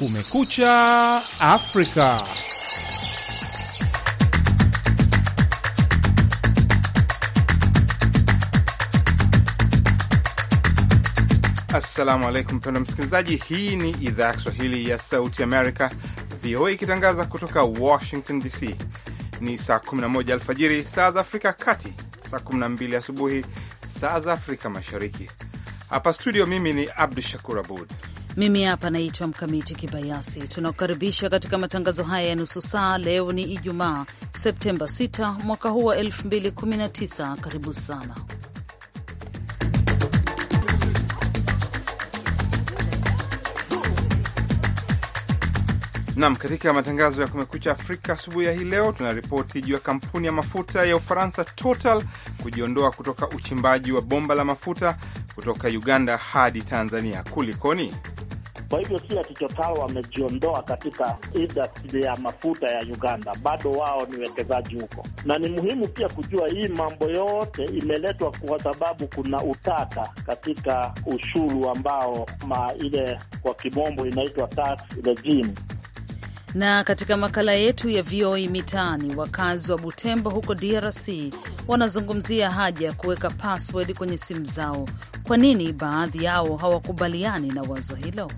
Kumekucha Afrika. Assalamu alaikum, mpendwa msikilizaji. Hii ni idhaa ya Kiswahili ya Sauti Amerika, VOA, ikitangaza kutoka Washington DC. Ni saa 11 alfajiri saa za Afrika kati, saa 12 asubuhi saa za Afrika Mashariki. Hapa studio, mimi ni Abdu Shakur Abud mimi hapa naitwa Mkamiti Kibayasi. Tunakukaribisha katika matangazo haya ya nusu saa. Leo ni Ijumaa, Septemba 6 mwaka huu wa 2019. Karibu sana. Nam, katika matangazo ya Kumekucha Afrika asubuhi ya hii leo tunaripoti juu ya kampuni ya mafuta ya Ufaransa Total kujiondoa kutoka uchimbaji wa bomba la mafuta kutoka Uganda hadi Tanzania. Kulikoni? Kwa hivyo si ati Total wamejiondoa katika industry ya mafuta ya Uganda, bado wao ni wekezaji huko, na ni muhimu pia kujua hii mambo yote imeletwa kwa sababu kuna utata katika ushuru ambao ma ile kwa kimombo inaitwa tax regime na katika makala yetu ya VOA e Mitaani, wakazi wa Butembo huko DRC wanazungumzia haja ya kuweka password kwenye simu zao. Kwa nini baadhi yao hawakubaliani na wazo hilo?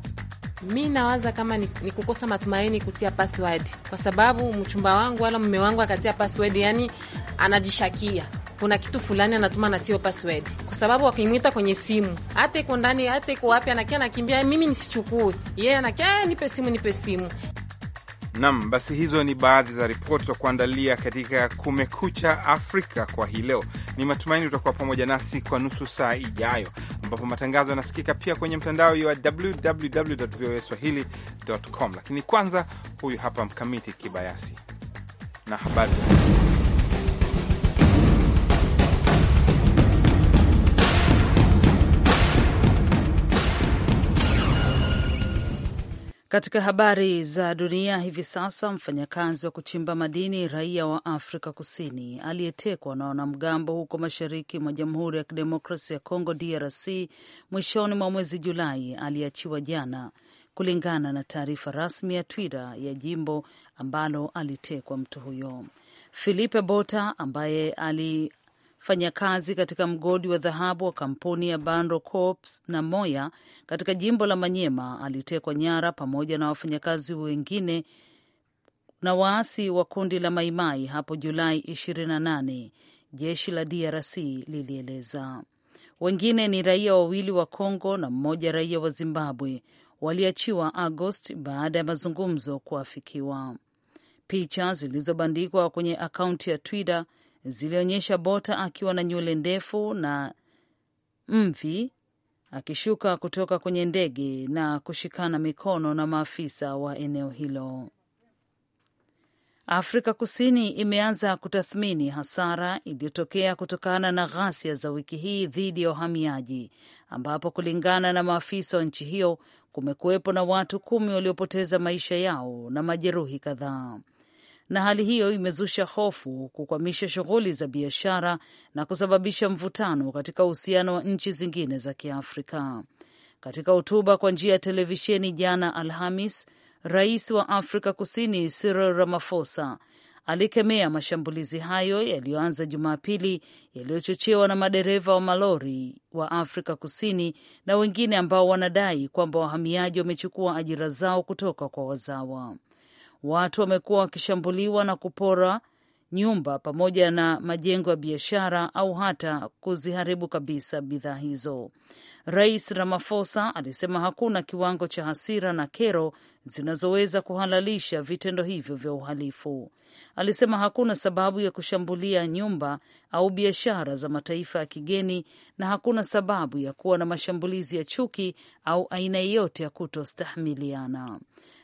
mi nawaza kama ni, ni kukosa matumaini kutia password, kwa sababu mchumba wangu wala mume wangu akatia password, yani anajishakia kuna kitu fulani anatuma natio password, kwa sababu wakimwita kwenye simu, hata iko ndani, hata iko wapi, anakia anakimbia, mimi nisichukue, yeye yeah, anakia eh, nipe simu, nipe simu. Nam, basi hizo ni baadhi za ripoti za kuandalia katika Kumekucha Afrika kwa hii leo. Ni matumaini utakuwa pamoja nasi kwa nusu saa ijayo ambapo matangazo yanasikika pia kwenye mtandao wa www voa swahili.com. Lakini kwanza, huyu hapa Mkamiti Kibayasi na habari Katika habari za dunia hivi sasa, mfanyakazi wa kuchimba madini raia wa Afrika Kusini aliyetekwa na wanamgambo huko mashariki mwa Jamhuri ya Kidemokrasia ya Kongo, DRC, mwishoni mwa mwezi Julai aliachiwa jana, kulingana na taarifa rasmi ya Twitter ya jimbo ambalo alitekwa mtu huyo. Filipe Bota ambaye ali fanya kazi katika mgodi wa dhahabu wa kampuni ya Banro Corps na Moya katika jimbo la Manyema alitekwa nyara pamoja na wafanyakazi wengine na waasi wa kundi la Maimai hapo Julai 28, jeshi la DRC lilieleza. Wengine ni raia wawili wa congo na mmoja raia wa Zimbabwe waliachiwa Agosti baada ya mazungumzo kuafikiwa. Picha zilizobandikwa kwenye akaunti ya Twitter zilionyesha Bota akiwa na nywele ndefu na mvi akishuka kutoka kwenye ndege na kushikana mikono na maafisa wa eneo hilo. Afrika Kusini imeanza kutathmini hasara iliyotokea kutokana na ghasia za wiki hii dhidi ya wahamiaji, ambapo kulingana na maafisa wa nchi hiyo kumekuwepo na watu kumi waliopoteza maisha yao na majeruhi kadhaa na hali hiyo imezusha hofu, kukwamisha shughuli za biashara na kusababisha mvutano katika uhusiano wa nchi zingine za Kiafrika. Katika hotuba kwa njia ya televisheni jana Alhamis, rais wa Afrika Kusini Cyril Ramaphosa alikemea mashambulizi hayo yaliyoanza Jumapili, yaliyochochewa na madereva wa malori wa Afrika Kusini na wengine ambao wanadai kwamba wahamiaji wamechukua ajira zao kutoka kwa wazawa watu wamekuwa wakishambuliwa na kupora nyumba pamoja na majengo ya biashara au hata kuziharibu kabisa bidhaa hizo. Rais Ramaphosa alisema hakuna kiwango cha hasira na kero zinazoweza kuhalalisha vitendo hivyo vya uhalifu. Alisema hakuna sababu ya kushambulia nyumba au biashara za mataifa ya kigeni na hakuna sababu ya kuwa na mashambulizi ya chuki au aina yeyote ya kutostahimiliana.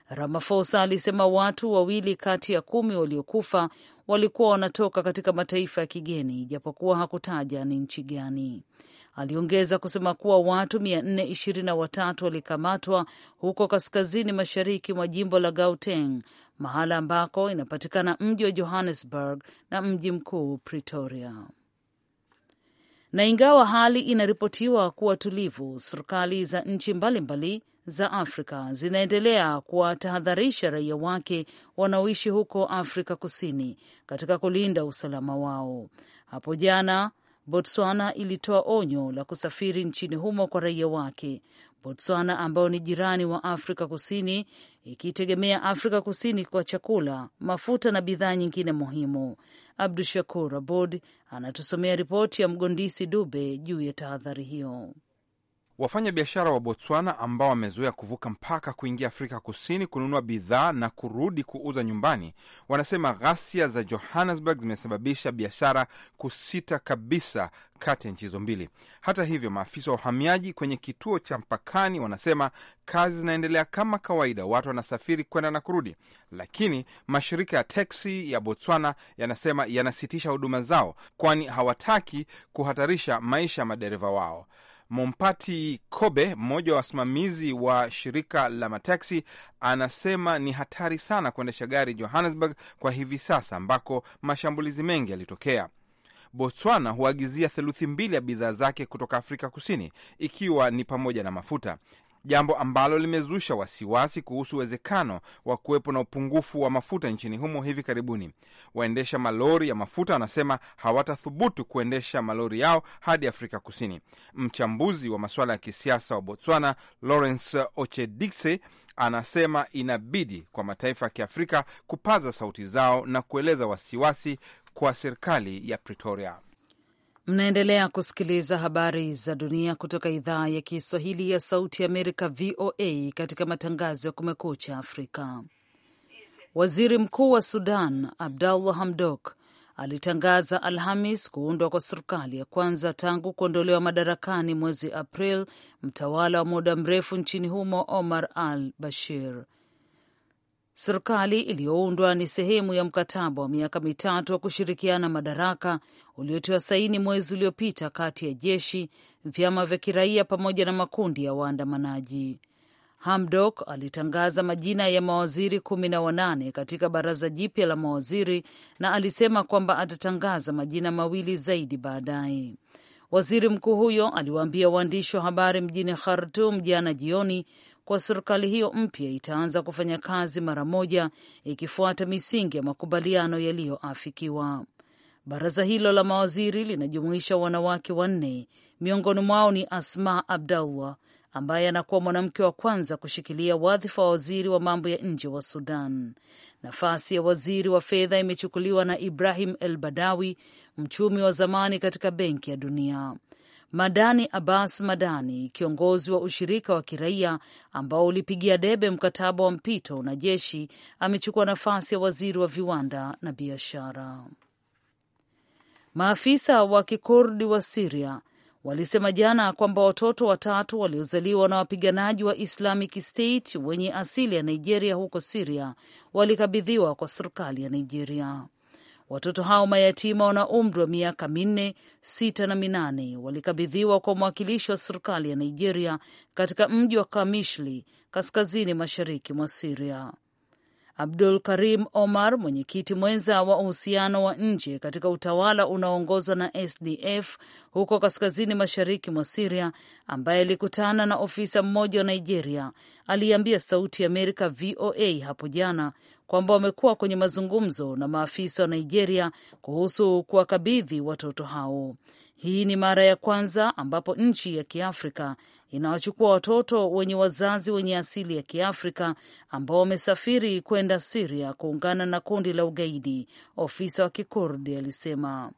Ramaphosa alisema watu wawili kati ya kumi waliokufa walikuwa wanatoka katika mataifa ya kigeni, japokuwa hakutaja ni nchi gani. Aliongeza kusema kuwa watu 423 walikamatwa huko kaskazini mashariki mwa jimbo la Gauteng, mahala ambako inapatikana mji wa Johannesburg na mji mkuu Pretoria. Na ingawa hali inaripotiwa kuwa tulivu, serikali za nchi mbalimbali za Afrika zinaendelea kuwatahadharisha raia wake wanaoishi huko Afrika Kusini katika kulinda usalama wao. Hapo jana Botswana ilitoa onyo la kusafiri nchini humo kwa raia wake. Botswana ambayo ni jirani wa Afrika Kusini, ikitegemea Afrika Kusini kwa chakula, mafuta na bidhaa nyingine muhimu. Abdu Shakur Abod anatusomea ripoti ya Mgondisi Dube juu ya tahadhari hiyo. Wafanya biashara wa Botswana ambao wamezoea kuvuka mpaka kuingia Afrika Kusini kununua bidhaa na kurudi kuuza nyumbani, wanasema ghasia za Johannesburg zimesababisha biashara kusita kabisa kati ya nchi hizo mbili. Hata hivyo, maafisa wa uhamiaji kwenye kituo cha mpakani wanasema kazi zinaendelea kama kawaida, watu wanasafiri kwenda na kurudi, lakini mashirika ya teksi ya Botswana yanasema yanasitisha huduma zao, kwani hawataki kuhatarisha maisha ya madereva wao. Mompati Kobe, mmoja wa wasimamizi wa shirika la mataksi, anasema ni hatari sana kuendesha gari Johannesburg kwa hivi sasa, ambako mashambulizi mengi yalitokea. Botswana huagizia theluthi mbili ya bidhaa zake kutoka Afrika Kusini, ikiwa ni pamoja na mafuta jambo ambalo limezusha wasiwasi kuhusu uwezekano wa kuwepo na upungufu wa mafuta nchini humo hivi karibuni. Waendesha malori ya mafuta wanasema hawatathubutu kuendesha malori yao hadi Afrika Kusini. Mchambuzi wa masuala ya kisiasa wa Botswana, Lawrence Ochedikse, anasema inabidi kwa mataifa ya Kiafrika kupaza sauti zao na kueleza wasiwasi kwa serikali ya Pretoria. Mnaendelea kusikiliza habari za dunia kutoka idhaa ya Kiswahili ya Sauti Amerika, VOA, katika matangazo ya Kumekucha Afrika. Waziri Mkuu wa Sudan Abdallah Hamdok alitangaza Alhamis kuundwa kwa serikali ya kwanza tangu kuondolewa madarakani mwezi April mtawala wa muda mrefu nchini humo Omar al Bashir. Serikali iliyoundwa ni sehemu ya mkataba wa miaka mitatu wa kushirikiana madaraka uliotiwa saini mwezi uliopita kati ya jeshi, vyama vya kiraia pamoja na makundi ya waandamanaji. Hamdok alitangaza majina ya mawaziri kumi na wanane katika baraza jipya la mawaziri na alisema kwamba atatangaza majina mawili zaidi baadaye. Waziri mkuu huyo aliwaambia waandishi wa habari mjini Khartum jana jioni kuwa serikali hiyo mpya itaanza kufanya kazi mara moja ikifuata misingi ya makubaliano yaliyoafikiwa. Baraza hilo la mawaziri linajumuisha wanawake wanne, miongoni mwao ni Asma Abdallah ambaye anakuwa mwanamke wa kwanza kushikilia wadhifa wa waziri wa mambo ya nje wa Sudan. Nafasi ya waziri wa fedha imechukuliwa na Ibrahim El Badawi, mchumi wa zamani katika Benki ya Dunia. Madani Abbas Madani, kiongozi wa ushirika wa kiraia ambao ulipigia debe mkataba wa mpito na jeshi, amechukua nafasi ya waziri wa viwanda na biashara. Maafisa wa kikurdi wa Siria walisema jana kwamba watoto watatu waliozaliwa na wapiganaji wa Islamic State wenye asili ya Nigeria huko Siria walikabidhiwa kwa serikali ya Nigeria. Watoto hao mayatima wana umri wa miaka minne, sita na minane walikabidhiwa kwa mwakilishi wa serikali ya Nigeria katika mji wa Kamishli, kaskazini mashariki mwa Siria. Abdul Karim Omar, mwenyekiti mwenza wa uhusiano wa nje katika utawala unaoongozwa na SDF huko kaskazini mashariki mwa Siria, ambaye alikutana na ofisa mmoja wa Nigeria, aliambia Sauti ya Amerika VOA hapo jana kwamba wamekuwa kwenye mazungumzo na maafisa wa Nigeria kuhusu kuwakabidhi watoto hao. Hii ni mara ya kwanza ambapo nchi ya Kiafrika inawachukua watoto wenye wazazi wenye asili ya Kiafrika ambao wamesafiri kwenda Siria kuungana na kundi la ugaidi, ofisa wa Kikurdi alisema.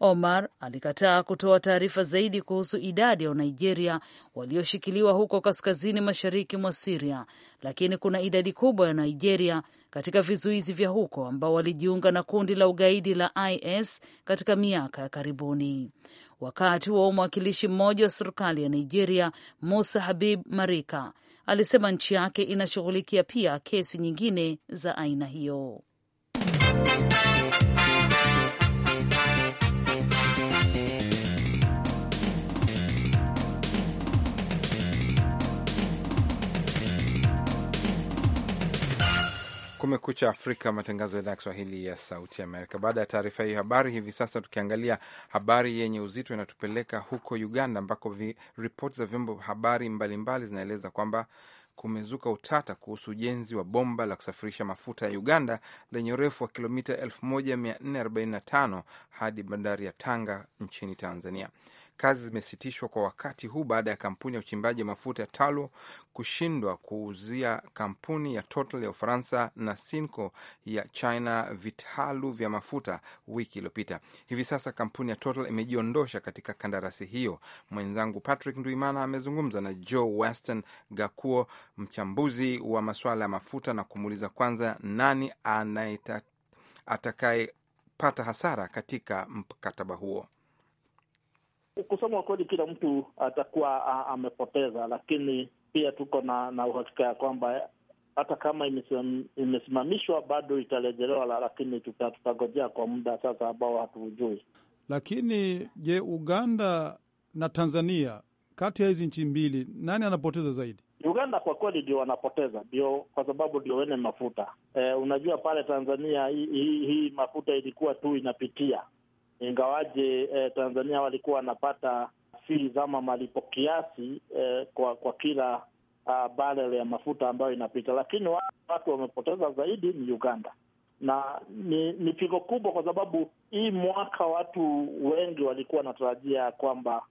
Omar alikataa kutoa taarifa zaidi kuhusu idadi ya Wanigeria walioshikiliwa huko kaskazini mashariki mwa Siria, lakini kuna idadi kubwa ya Nigeria katika vizuizi vya huko ambao walijiunga na kundi la ugaidi la IS katika miaka ya karibuni. Wakati huo mwakilishi mmoja wa serikali ya Nigeria, Musa Habib Marika, alisema nchi yake inashughulikia pia kesi nyingine za aina hiyo. Kumekucha Afrika, matangazo ya idhaa ya Kiswahili ya Sauti Amerika. Baada ya taarifa hiyo habari, hivi sasa tukiangalia habari yenye uzito inatupeleka huko Uganda, ambako ripoti za vyombo habari mbalimbali zinaeleza kwamba kumezuka utata kuhusu ujenzi wa bomba la kusafirisha mafuta ya Uganda lenye urefu wa kilomita 1445 hadi bandari ya Tanga nchini Tanzania kazi zimesitishwa kwa wakati huu baada ya kampuni ya uchimbaji wa mafuta ya talo kushindwa kuuzia kampuni ya Total ya Ufaransa na Sinco ya China vitalu vya mafuta wiki iliyopita. Hivi sasa kampuni ya Total imejiondosha katika kandarasi hiyo. Mwenzangu Patrick Nduimana amezungumza na Joe Weston Gakuo, mchambuzi wa masuala ya mafuta, na kumuuliza kwanza nani atakaye hasara katika mkataba huo. Kusema ukweli, kila mtu atakuwa amepoteza, lakini pia tuko na na uhakika ya kwamba hata kama imesimamishwa bado itarejelewa, lakini tutagojea kwa muda sasa ambao hatuujui. Lakini je, Uganda na Tanzania, kati ya hizi nchi mbili, nani anapoteza zaidi? Uganda kwa kweli ndio wanapoteza, ndio kwa sababu ndio wene mafuta. E, unajua pale Tanzania hii hi, hi mafuta ilikuwa tu inapitia ingawaje eh, Tanzania walikuwa wanapata fees ama malipo kiasi eh, kwa kwa kila uh, barrel ya mafuta ambayo inapita, lakini watu wamepoteza zaidi ni Uganda na ni, ni pigo kubwa, kwa sababu hii mwaka watu wengi walikuwa wanatarajia kwamba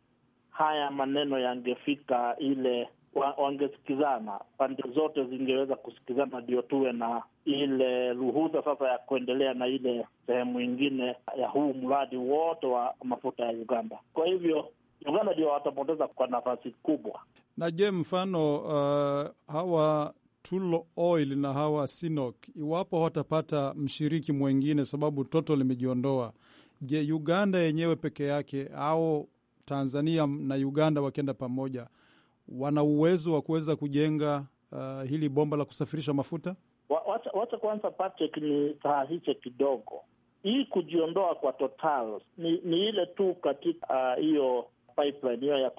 haya maneno yangefika ile wa, wangesikizana, pande zote zingeweza kusikizana, ndio tuwe na ile ruhusa sasa ya kuendelea na ile sehemu ingine ya huu mradi wote wa mafuta ya Uganda. Kwa hivyo Uganda ndio watapoteza kwa nafasi kubwa. Na je, mfano uh, hawa Tullow Oil na hawa Sinok, iwapo watapata mshiriki mwengine, sababu toto limejiondoa, je, Uganda yenyewe peke yake au Tanzania na Uganda wakienda pamoja wana uwezo wa kuweza kujenga uh, hili bomba la kusafirisha mafuta? Wacha, wacha kwanza Patrick ni sahihishe kidogo. Hii kujiondoa kwa Total ni, ni ile tu katika uh, hiyo uh, pipeline hiyo ya,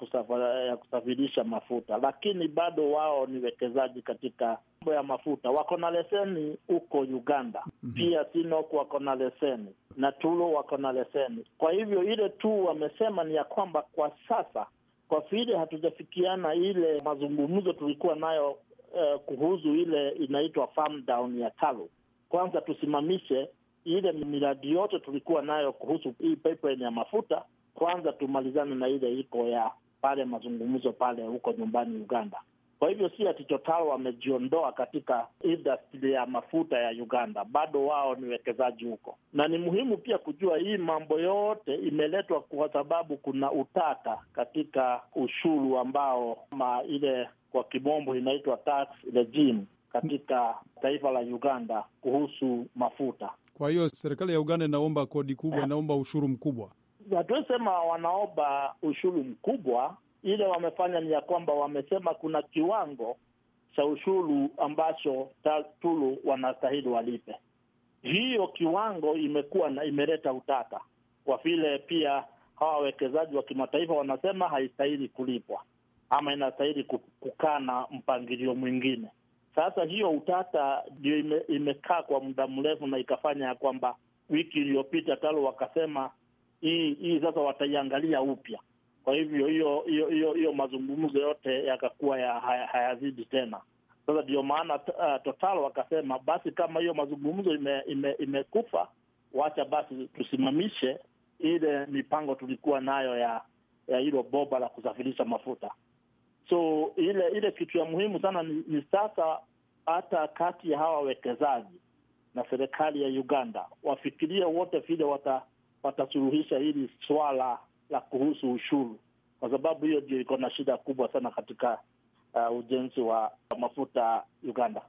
ya kusafirisha mafuta, lakini bado wao ni wekezaji katika mambo ya mafuta. Wako na leseni huko Uganda mm -hmm. Pia Sinok wako na leseni na Tulo wako na leseni. Kwa hivyo ile tu wamesema ni ya kwamba kwa sasa kwa vile hatujafikiana ile mazungumzo tulikuwa nayo eh, kuhusu ile inaitwa farm down ya Talo. Kwanza tusimamishe ile miradi yote tulikuwa nayo kuhusu hii pipeline ya mafuta, kwanza tumalizane na ile iko ya pale mazungumzo pale huko nyumbani Uganda. Kwa hivyo si ati Total wamejiondoa katika industry ya mafuta ya Uganda, bado wao ni wekezaji huko, na ni muhimu pia kujua hii mambo yote imeletwa kwa sababu kuna utata katika ushuru ambao kama ile kwa kimombo inaitwa tax regime katika taifa la Uganda kuhusu mafuta. Kwa hiyo serikali ya Uganda inaomba kodi kubwa, inaomba ushuru mkubwa. Hatuwezi sema wanaomba ushuru mkubwa, ile wamefanya ni ya kwamba wamesema kuna kiwango cha ushuru ambacho Tulu wanastahili walipe. Hiyo kiwango imekuwa na imeleta utata, kwa vile pia hawa wawekezaji wa kimataifa wanasema haistahili kulipwa ama inastahili kukaa na mpangilio mwingine. Sasa hiyo utata ndio ime, imekaa kwa muda mrefu na ikafanya ya kwamba wiki iliyopita Talo wakasema hii hii sasa wataiangalia upya kwa hivyo hiyo hiyo hiyo hiyo mazungumzo yote yakakuwa ya hayazidi tena. Sasa ndio maana uh, Total wakasema basi, kama hiyo mazungumzo imekufa ime, ime wacha basi tusimamishe ile mipango tulikuwa nayo ya ya hilo boba la kusafirisha mafuta. So ile ile kitu ya muhimu sana ni, ni sasa hata kati ya hawa wekezaji na serikali ya Uganda wafikirie wote vile wata, watasuluhisha hili swala la kuhusu ushuru, kwa sababu hiyo ndio iko na shida kubwa sana katika uh, ujenzi wa mafuta Uganda.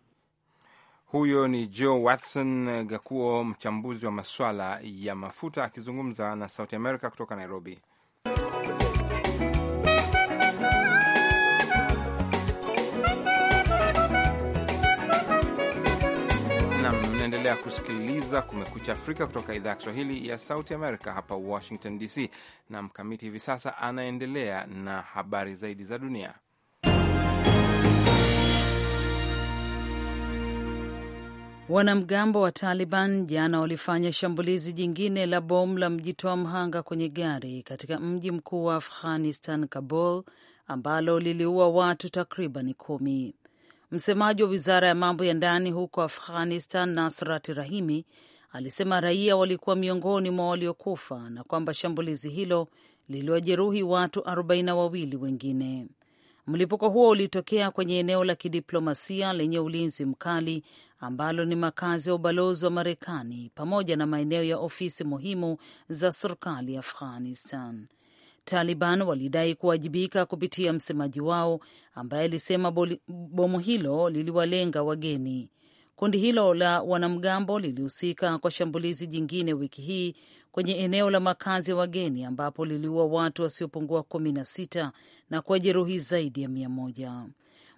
Huyo ni Joe Watson Gakuo, mchambuzi wa maswala ya mafuta akizungumza na Sauti America kutoka Nairobi. Unaendelea kusikiliza Kumekucha Afrika kutoka idhaa ya Kiswahili ya Sauti Amerika hapa Washington DC, na Mkamiti hivi sasa anaendelea na habari zaidi za dunia. Wanamgambo wa Taliban jana walifanya shambulizi jingine la bomu la mjitoa mhanga kwenye gari katika mji mkuu wa Afghanistan, Kabul, ambalo liliua watu takriban kumi. Msemaji wa wizara ya mambo ya ndani huko Afghanistan, Nasrat Rahimi, alisema raia walikuwa miongoni mwa waliokufa na kwamba shambulizi hilo liliwajeruhi watu arobaini na wawili wengine. Mlipuko huo ulitokea kwenye eneo la kidiplomasia lenye ulinzi mkali ambalo ni makazi ya ubalozi wa Marekani pamoja na maeneo ya ofisi muhimu za serikali ya Afghanistan. Taliban walidai kuwajibika kupitia msemaji wao ambaye alisema bomu hilo liliwalenga wageni. Kundi hilo la wanamgambo lilihusika kwa shambulizi jingine wiki hii kwenye eneo la makazi ya wageni ambapo liliua watu wasiopungua kumi na sita na kuwajeruhi zaidi ya mia moja.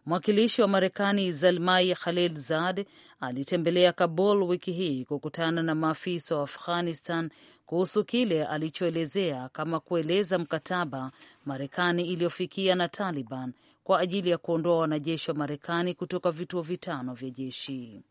Mwakilishi wa Marekani Zalmai khalil zad alitembelea Kabul wiki hii kukutana na maafisa wa Afghanistan kuhusu kile alichoelezea kama kueleza mkataba Marekani iliyofikia na Taliban kwa ajili ya kuondoa wanajeshi wa Marekani kutoka vituo vitano vya jeshi.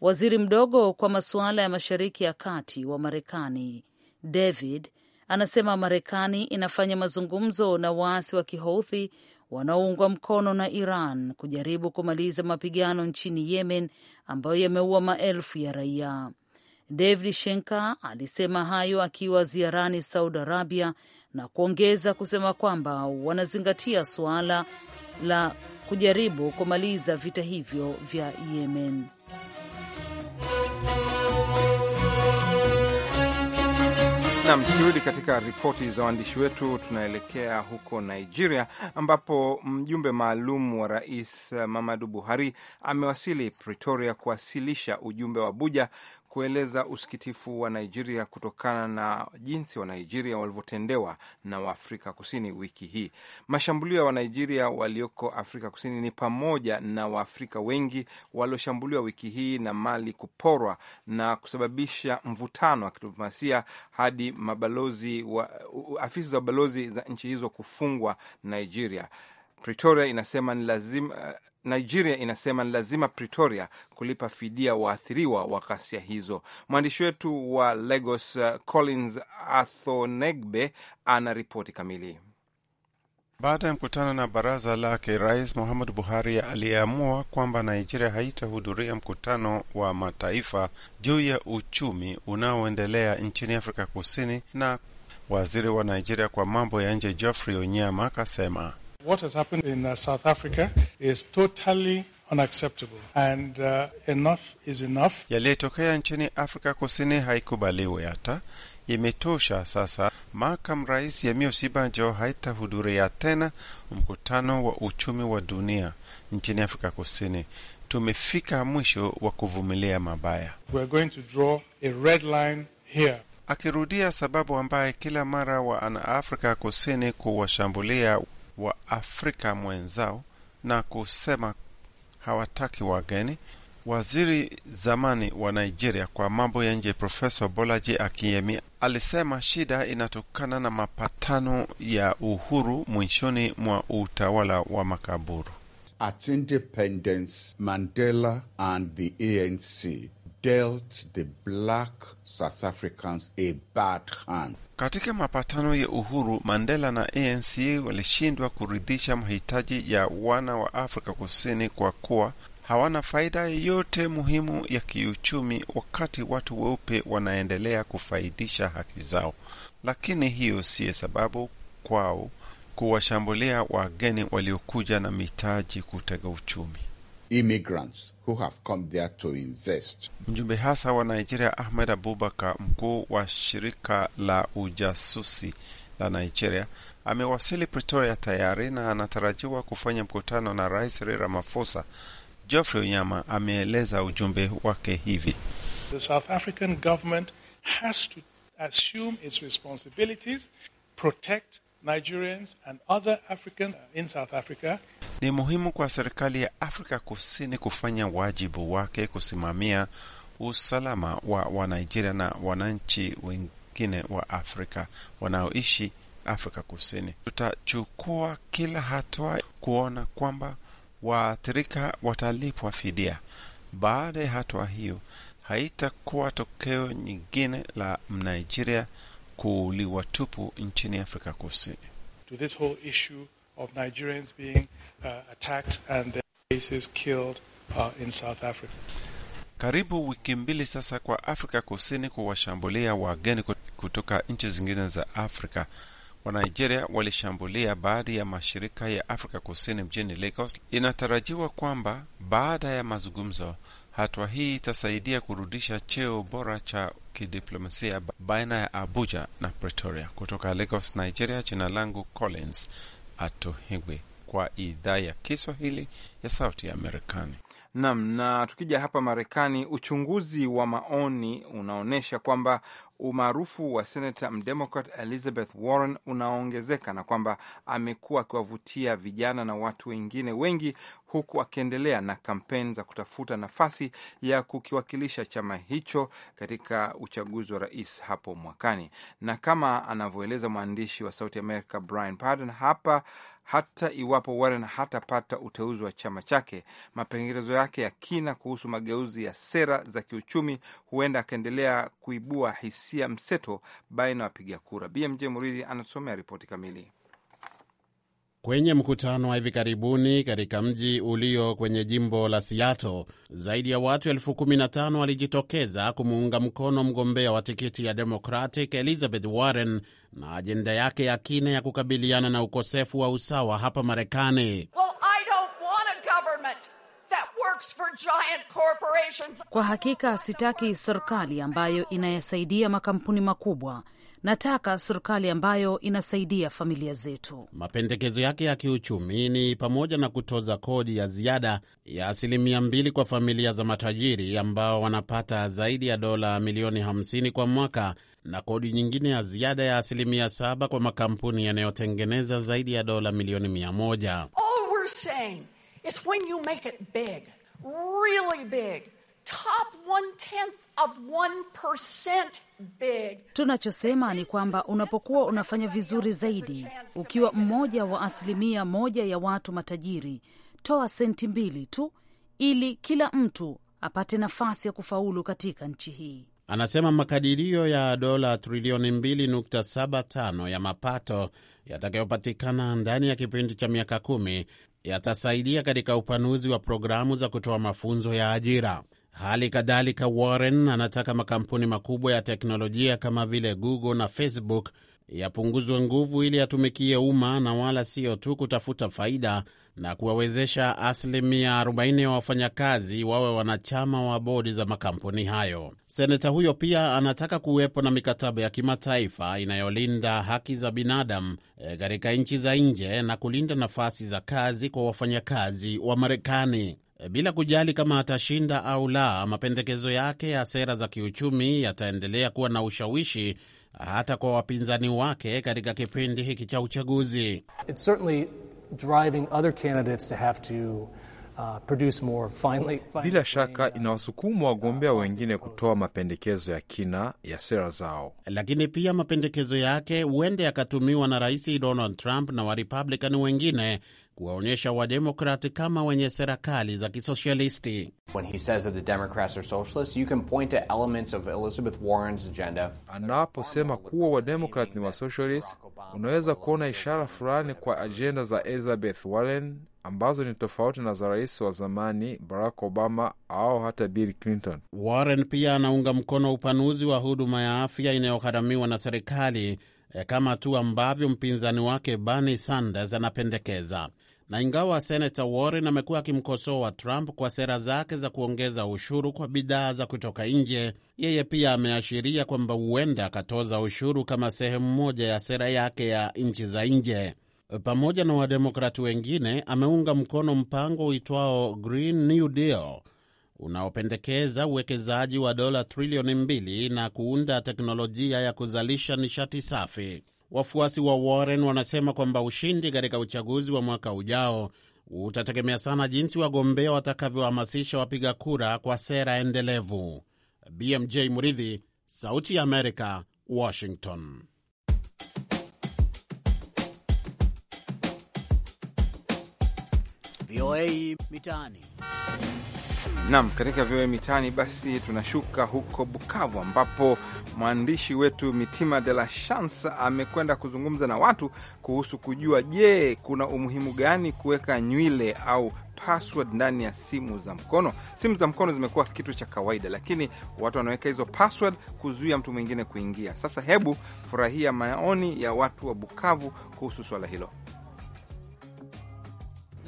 Waziri mdogo kwa masuala ya Mashariki ya Kati wa Marekani David anasema Marekani inafanya mazungumzo na waasi wa Kihouthi wanaoungwa mkono na Iran kujaribu kumaliza mapigano nchini Yemen ambayo yameua maelfu ya raia. David Shenka alisema hayo akiwa ziarani Saudi Arabia na kuongeza kusema kwamba wanazingatia suala la kujaribu kumaliza vita hivyo vya Yemen. Nam, tukirudi katika ripoti za waandishi wetu, tunaelekea huko Nigeria ambapo mjumbe maalum wa rais Muhammadu Buhari amewasili Pretoria kuwasilisha ujumbe wa Abuja kueleza usikitifu wa Nigeria kutokana na jinsi wa Nigeria walivyotendewa na Waafrika Kusini wiki hii. Mashambulio ya Wanigeria walioko Afrika Kusini ni pamoja na Waafrika wengi walioshambuliwa wiki hii na mali kuporwa na kusababisha mvutano wa kidiplomasia hadi mabalozi wa, afisi za balozi za nchi hizo kufungwa Nigeria. Pretoria inasema ni lazima Nigeria inasema ni lazima Pretoria kulipa fidia waathiriwa wa ghasia hizo. Mwandishi wetu wa Lagos uh, Collins Athonegbe ana ripoti kamili. Baada ya mkutano na baraza lake, Rais muhamad Buhari aliyeamua kwamba Nigeria haitahudhuria mkutano wa mataifa juu ya uchumi unaoendelea nchini Afrika Kusini, na waziri wa Nigeria kwa mambo ya nje Geoffrey Onyema akasema What has happened in uh, South Africa is totally unacceptable and uh, enough is enough. Yaliyotokea nchini Afrika Kusini haikubaliwi hata imetosha sasa. Makamu Rais Yemi Osibanjo haitahudhuria tena mkutano wa uchumi wa dunia nchini Afrika Kusini. Tumefika mwisho wa kuvumilia mabaya. We are going to draw a red line here. Akirudia sababu ambaye kila mara wa wanaafrika kusini kuwashambulia wa Afrika mwenzao na kusema hawataki wageni. Waziri zamani wa Nigeria kwa mambo ya nje Profesa Bolaji Akinyemi alisema shida inatokana na mapatano ya uhuru mwishoni mwa utawala wa makaburu. At independence, Mandela and the ANC dealt the black South Africans a bad hand. Katika mapatano ya uhuru, Mandela na ANC walishindwa kuridhisha mahitaji ya wana wa Afrika Kusini kwa kuwa hawana faida yoyote muhimu ya kiuchumi, wakati watu weupe wanaendelea kufaidisha haki zao. Lakini hiyo siyo sababu kwao kuwashambulia wageni waliokuja na mitaji kutega uchumi Immigrants who have come there to invest. Mjumbe hasa wa Nigeria Ahmed Abubakar, mkuu wa shirika la ujasusi la Nigeria, amewasili Pretoria tayari na anatarajiwa kufanya mkutano na Rais Cyril Ramaphosa. Geoffrey Onyama ameeleza ujumbe wake hivi: The South African government has to assume its responsibilities, protect Nigerians and other Africans uh, in South Africa. Ni muhimu kwa serikali ya Afrika Kusini kufanya wajibu wake kusimamia usalama wa Wanigeria na wananchi wengine wa Afrika wanaoishi Afrika Kusini. Tutachukua kila hatua kuona kwamba waathirika watalipwa fidia. Baada ya hatua hiyo, haitakuwa tokeo nyingine la Mnigeria kuuliwa tupu nchini Afrika Kusini. To this whole issue of Nigerians being uh, attacked and their faces killed uh, in South Africa. Karibu wiki mbili sasa kwa Afrika Kusini kuwashambulia wageni kutoka nchi zingine za Afrika. Wanigeria walishambulia baadhi ya mashirika ya Afrika Kusini mjini Lagos. Inatarajiwa kwamba baada ya mazungumzo Hatua hii itasaidia kurudisha cheo bora cha kidiplomasia baina ya Abuja na Pretoria. Kutoka Lagos, Nigeria, jina langu Collins Atohegwe, kwa idhaa ya Kiswahili ya Sauti ya Amerikani. Nam, na tukija hapa Marekani, uchunguzi wa maoni unaonyesha kwamba umaarufu wa senata mdemokrat Elizabeth Warren unaongezeka na kwamba amekuwa akiwavutia vijana na watu wengine wengi, huku akiendelea na kampeni za kutafuta nafasi ya kukiwakilisha chama hicho katika uchaguzi wa rais hapo mwakani. Na kama anavyoeleza mwandishi wa Sauti America Brian Padden hapa hata iwapo Warren hatapata uteuzi wa chama chake. Mapendekezo yake ya kina kuhusu mageuzi ya sera za kiuchumi huenda akaendelea kuibua hisia mseto baina ya wapiga kura. BMJ Muridhi anasomea ripoti kamili. Kwenye mkutano wa hivi karibuni katika mji ulio kwenye jimbo la Seattle, zaidi ya watu elfu kumi na tano walijitokeza kumuunga mkono mgombea wa tikiti ya Democratic Elizabeth Warren na ajenda yake ya kina ya kukabiliana na ukosefu wa usawa hapa Marekani. kwa hakika sitaki serikali ambayo inayasaidia makampuni makubwa Nataka serikali ambayo inasaidia familia zetu. Mapendekezo yake ya kiuchumi ni pamoja na kutoza kodi ya ziada ya asilimia mbili kwa familia za matajiri ambao wanapata zaidi ya dola milioni 50 kwa mwaka na kodi nyingine ya ziada ya asilimia saba kwa makampuni yanayotengeneza zaidi ya dola milioni 100 top one-tenth of 1% big. Tunachosema ni kwamba unapokuwa unafanya vizuri zaidi, ukiwa mmoja wa asilimia moja ya watu matajiri, toa senti mbili tu ili kila mtu apate nafasi ya kufaulu katika nchi hii. Anasema makadirio ya dola trilioni 2.75 ya mapato yatakayopatikana ndani ya kipindi cha miaka kumi yatasaidia katika upanuzi wa programu za kutoa mafunzo ya ajira. Hali kadhalika, Warren anataka makampuni makubwa ya teknolojia kama vile Google na Facebook yapunguzwe nguvu ili yatumikie umma na wala sio tu kutafuta faida, na kuwawezesha asilimia 40 ya wafanyakazi wawe wanachama wa bodi za makampuni hayo. Seneta huyo pia anataka kuwepo na mikataba ya kimataifa inayolinda haki za binadamu eh, katika nchi za nje na kulinda nafasi za kazi kwa wafanyakazi wa Marekani. Eh, bila kujali kama atashinda au la. Mapendekezo yake ya sera za kiuchumi yataendelea kuwa na ushawishi hata kwa wapinzani wake katika kipindi hiki cha uchaguzi. Uh, bila shaka inawasukumu wagombea wengine kutoa mapendekezo ya kina ya sera zao, lakini pia mapendekezo yake huende yakatumiwa na Rais Donald Trump na Warepublikani wengine kuwaonyesha Wademokrati kama wenye serikali za kisosialistianaposema Anaposema kuwa Wademokrat ni wasoshalisti, unaweza kuona ishara fulani kwa ajenda za Elizabeth Warren ambazo ni tofauti na za rais wa zamani Barack Obama au hata Bill Clinton. Warren pia anaunga mkono upanuzi wa huduma ya afya inayogharamiwa na serikali eh, kama tu ambavyo mpinzani wake Bernie Sanders anapendekeza na ingawa senata Warren amekuwa akimkosoa Trump kwa sera zake za kuongeza ushuru kwa bidhaa za kutoka nje, yeye pia ameashiria kwamba huenda akatoza ushuru kama sehemu moja ya sera yake ya nchi za nje. Pamoja na wademokrati wengine, ameunga mkono mpango uitwao Green New Deal unaopendekeza uwekezaji wa dola trilioni mbili na kuunda teknolojia ya kuzalisha nishati safi. Wafuasi wa Warren wanasema kwamba ushindi katika uchaguzi wa mwaka ujao utategemea sana jinsi wagombea watakavyohamasisha wapiga kura kwa sera endelevu. BMJ Muridhi, Sauti ya Amerika, Washington. VOA Mitaani. Nam, katika vyoe mitaani, basi tunashuka huko Bukavu ambapo mwandishi wetu Mitima de la Chance amekwenda kuzungumza na watu kuhusu kujua, je, kuna umuhimu gani kuweka nywile au password ndani ya simu za mkono. Simu za mkono zimekuwa kitu cha kawaida, lakini watu wanaweka hizo password kuzuia mtu mwingine kuingia. Sasa hebu furahia maoni ya watu wa Bukavu kuhusu swala hilo.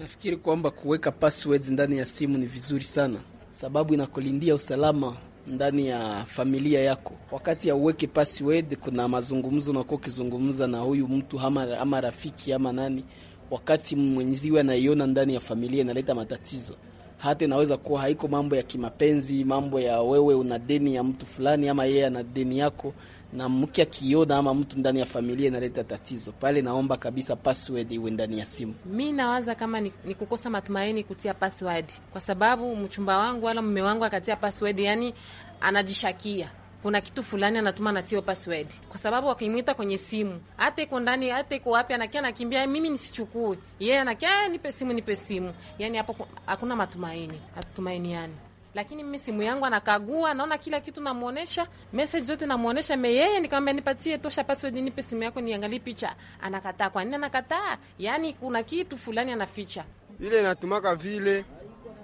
Nafikiri kwamba kuweka passwords ndani ya simu ni vizuri sana, sababu inakulindia usalama ndani ya familia yako. Wakati ya uweke password, kuna mazungumzo unakuwa ukizungumza na huyu mtu ama, ama rafiki ama nani, wakati mwenziwe anaiona ndani ya familia inaleta matatizo. Hata inaweza kuwa haiko mambo ya kimapenzi, mambo ya wewe una deni ya mtu fulani ama yeye ana deni yako na mke akiona ama mtu ndani ya familia inaleta tatizo pale, naomba kabisa password iwe ndani ya simu. Mi nawaza kama ni, ni kukosa matumaini kutia password, kwa sababu mchumba wangu wala mme wangu akatia password, yani anajishakia kuna kitu fulani anatuma natio password, kwa sababu akimwita kwenye simu, hata iko ndani, hata iko wapi, anakia anakimbia, mimi nisichukue, yeye yeah, anakia eh, nipe simu, nipe simu. Yani hapo hakuna matumaini, hatutumainiani lakini mimi simu yangu anakagua, naona kila kitu, namuonesha message zote namuonesha. Me yeye nikamwambia, nipatie tosha password, nipe simu yako niangalie picha. Anakataa. Kwa nini anakataa? Yani kuna kitu fulani anaficha. Ile inatumaka vile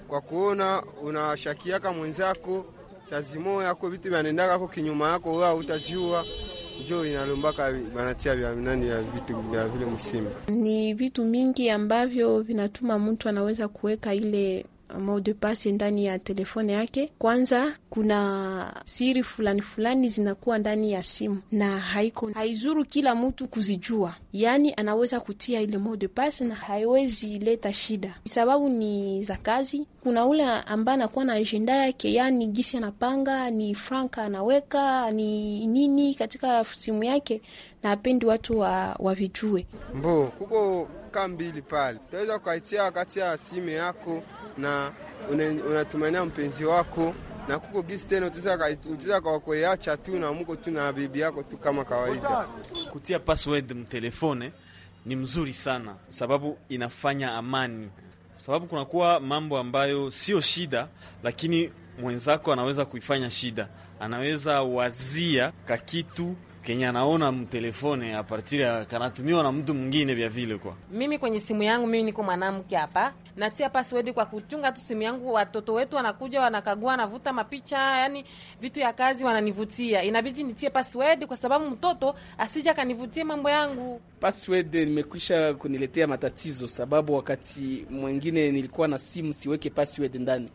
kwa kuona unashakiaka mwenzako chazimo yako vitu vyanendaka ko kinyuma yako, wewe utajua njo inalombaka banatia vya nani ya vitu vya vile msimu. Ni vitu mingi ambavyo vinatuma mtu anaweza kuweka ile mot de passe ndani ya telefone yake. Kwanza kuna siri fulani fulani zinakuwa ndani ya simu na haiko haizuru kila mtu kuzijua, yaani anaweza kutia ile mot de passe na haiwezi leta shida, sababu ni za kazi. Kuna ule ambaye anakuwa na agenda yake, yaani gisi anapanga ni franka anaweka ni nini katika simu yake na apendi watu wa wavijue. Mbo kuko mbili pale, utaweza ukaitia wakati ya sime yako na unatumania mpenzi wako na kuko gisi tena utaweza kawakoeacha tu na muko tu na bibi yako tu kama kawaida. Kutia password mtelefone ni mzuri sana, sababu inafanya amani, sababu kunakuwa mambo ambayo sio shida, lakini mwenzako anaweza kuifanya shida, anaweza wazia kakitu kenye anaona mtelefone a partir ya kanatumiwa na mtu mwingine vya vile. Kwa mimi kwenye simu yangu, mimi niko mwanamke hapa, natia password kwa kuchunga tu simu yangu. Watoto wetu wanakuja wanakagua, wanavuta mapicha, yani vitu ya kazi wananivutia, inabidi nitie password kwa sababu mtoto asija kanivutie mambo yangu. Password nimekwisha kuniletea matatizo, sababu wakati mwingine nilikuwa na simu siweke password ndani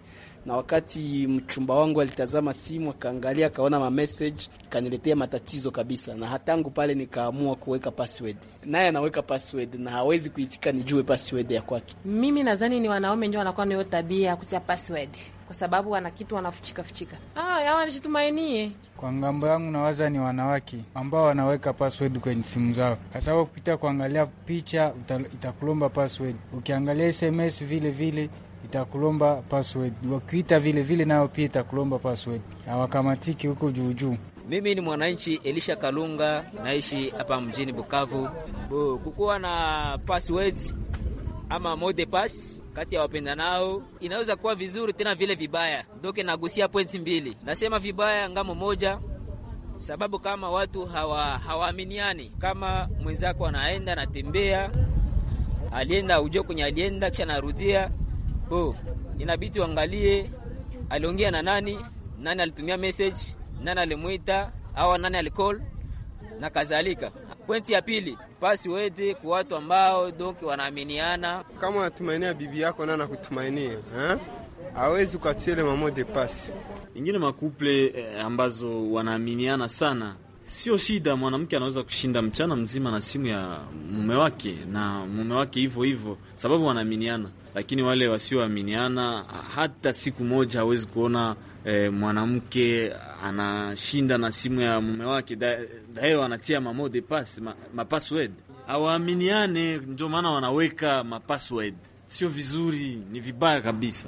na wakati mchumba wangu alitazama simu akaangalia akaona ma message kaniletea matatizo kabisa, na hatangu pale nikaamua kuweka password, naye anaweka password na hawezi kuitika nijue password ya kwake. Mimi nadhani ni wanaume ndio wanakuwa nayo tabia ya kutia password kwa sababu wana kitu wanafuchika fuchika. Ah, yawa yaani nishitumainie. Kwa ngambo yangu nawaza ni wanawake ambao wanaweka password kwenye simu zao, kwa sababu kupita kuangalia picha itakulomba password, ukiangalia SMS vile vile itakulomba password, wakiita vile vile nayo pia itakulomba password, hawakamatiki huko juu juu. Mimi ni mwananchi Elisha Kalunga, naishi hapa mjini Bukavu. Kukuwa na password ama mode pass kati ya wapenda nao inaweza kuwa vizuri tena vile vibaya. Doke nagusia pointi mbili, nasema vibaya ngamo moja, sababu kama watu hawa hawaaminiani, kama mwenzako anaenda natembea, alienda ujue kwenye alienda kisha narudia bo inabidi uangalie aliongea na nani, nani alitumia message, nani alimwita au nani alicall na kadhalika. Pointi ya pili, pasi wete kwa watu ambao donki wanaaminiana. Kama unatumainia bibi yako na nakutumainia eh, awezi kuachiele mamode pasi ingine makuple eh, ambazo wanaaminiana sana Sio shida, mwanamke anaweza kushinda mchana mzima na simu ya mume wake na mume wake hivyo hivyo, sababu wanaaminiana. Lakini wale wasioaminiana, hata siku moja hawezi kuona e, mwanamke anashinda na simu ya mume wake. Daeo wanatia mamo de pass ma, mapassword hawaaminiane, ndio maana wanaweka mapassword. Sio vizuri, ni vibaya kabisa.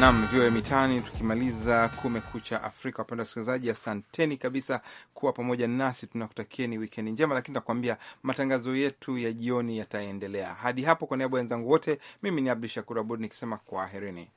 Nam ya mitaani, tukimaliza Kumekucha Afrika. Wapenda wasikilizaji, asanteni kabisa kuwa pamoja nasi, tunakutakieni wikendi njema, lakini nakuambia matangazo yetu ya jioni yataendelea hadi hapo. Kwa niaba ya wenzangu wote, mimi ni Abdu Shakur Abud nikisema kwaherini.